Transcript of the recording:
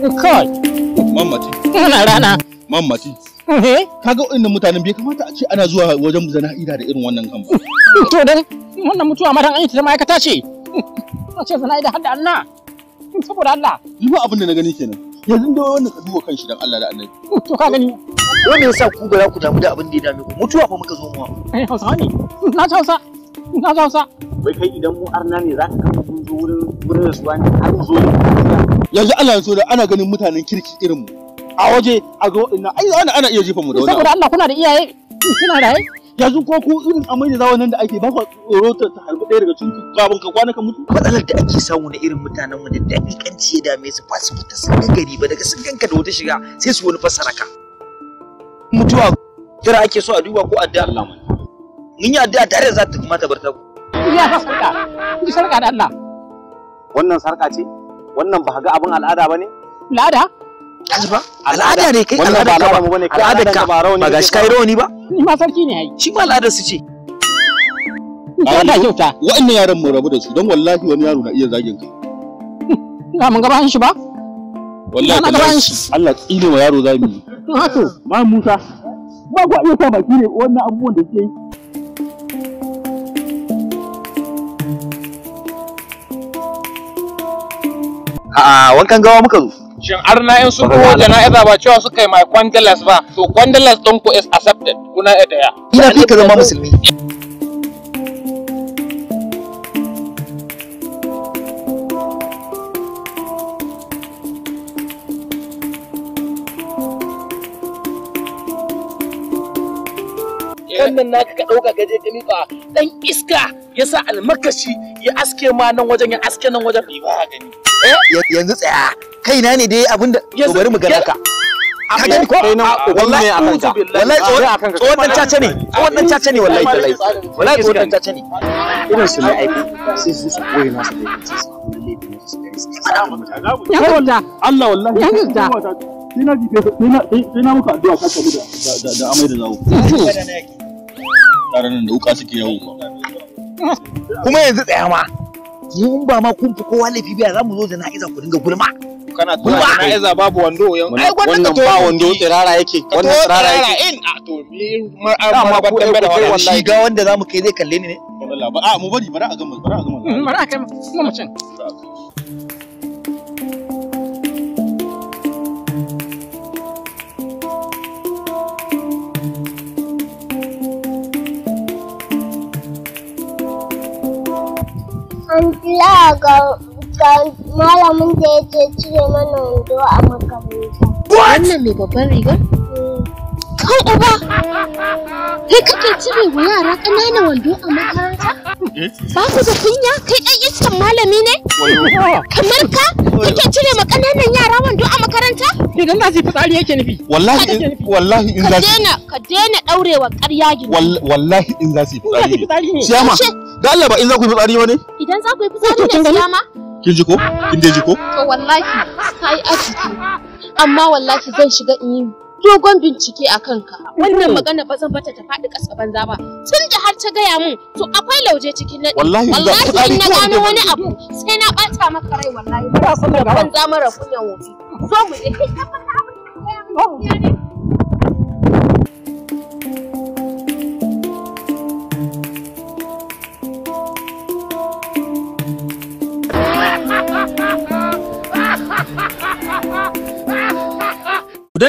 Kai. Mammaci. Muna rana. Mammaci. Eh? Kaga wannan mutanen bai kamata a ce ana zuwa wajen zana'ida da irin wannan kan To dan wannan mutuwa ma dan an yi ta ma'aikata ce. Ina ce zana'ida har da Allah. Saboda Allah. Ni ba abin da na gani kenan. Yanzu da wannan ka duba kan shi dan Allah da Allah. To ka gani. Wanda yasa ku ba za ku damu da abin da ya dame ku? Mutuwa fa muka zo mu. Eh Hausa ne. Na Hausa. Na Hausa. wai kai idan mu arna ne za ka kama mun zo wurin wurin rasuwa ne har mu zo yanzu Allah ya so da ana ganin mutanen kirki irin mu a waje a ga ina ai ana ana iya jifa mu da wani saboda Allah kuna da iyaye kuna da ai yanzu ko ku irin amai da zawo nan da ake ba ku tsoro ta harbi ɗaya daga cikin kafin ka kwana ka mutu matsalar da ake samu na irin mutanen mu da daƙiƙanci ya dame su fasifita sun ga gari ba daga sun ganka da wata shiga sai su wani fassara ka mutuwa jira ake so a duba ko addu'a Allah mun yi addu'a tare da za ta kuma ta bar ku ya fa sarka in ji sarka da Allah wannan sarka ce wannan ba ga abin al'ada bane al'ada al'ada ne kai al'ada ka al'ada ka ba gashi kai rawani ba ni ma sarki ne ai shi ma al'adar su ce Allah kyauta wa'annan yaran mu rabu da su don wallahi wani yaro na iya zagin ka na mun gaban shi ba wallahi gaban shi Allah tsine wa yaro zamu yi to Ba Musa ba ku iya sa baki ne wannan abubuwan da suke yi A'a wankan gawa muka zo. Shin arna in sun kowa jana'iza ba cewa suka yi my kwandalas ba. To kwandalas ɗin ku is accepted. Kuna ɗaya. Ina fi ka zama musulmi. wannan naka ka dauka gaje ka miƙa dan iska ya sa almakashi ya aske ma nan wajen ya aske nan wajen ba gani yanzu tsaya kaina ne dai abinda to bari mu ga ka. ka gani ko wallahi wallahi tsohon dan caca ne tsohon dan caca ne wallahi wallahi wallahi tsohon dan caca ne irin su ne aiki sai su su koyi masu da ya yarda Allah wallahi ya yarda ina ji ina muka addu'a ka da amai da zawo Yaran da wuka suke yawo. Kuma yanzu tsaya ma. Mun ba ma kun fi kowa laifi biya za mu zo jana'iza ku dinga gulma. Kana tura jana'iza babu wando yau. Wannan ba wando tsirara yake. Wannan tsirara yake. In a to ni mar amma ba tambaye bada wannan. Shi ga wanda zamu kai zai kalle ni ne. Wallahi ba a mu bari bara a gama bara a gama. Bara a kai mu mutum. an kila ga malamin da ya je cire mana wando a makaranta. Wannan mai babban rigar? Kai uba! Kai kake cire wa yara ƙanana wando a makaranta? Ba ku da kunya kai ɗan iskan malami ne? Kamar ka kake cire ma ƙananan yara wando a makaranta? Idan za su yi fitsari yake nufi. Wallahi wallahi in za Ka daina ka daina ɗaurewa ƙarya gini. Wallahi in za su yi fitsari ne. da Allah ba in za ku yi fitsari ba ne idan za ku yi fitsari ne ma kin ji ko kin dai ji ko to wallahi kai arziki amma wallahi zan shiga in yi dogon bincike a kanka wannan magana ba zan bata ta faɗi ƙasa banza ba tun da har ta gaya mun to akwai lauje cikin nan wallahi in na gano wani abu sai na ɓata maka rai wallahi ba da za mara kunyan wofi zo mu je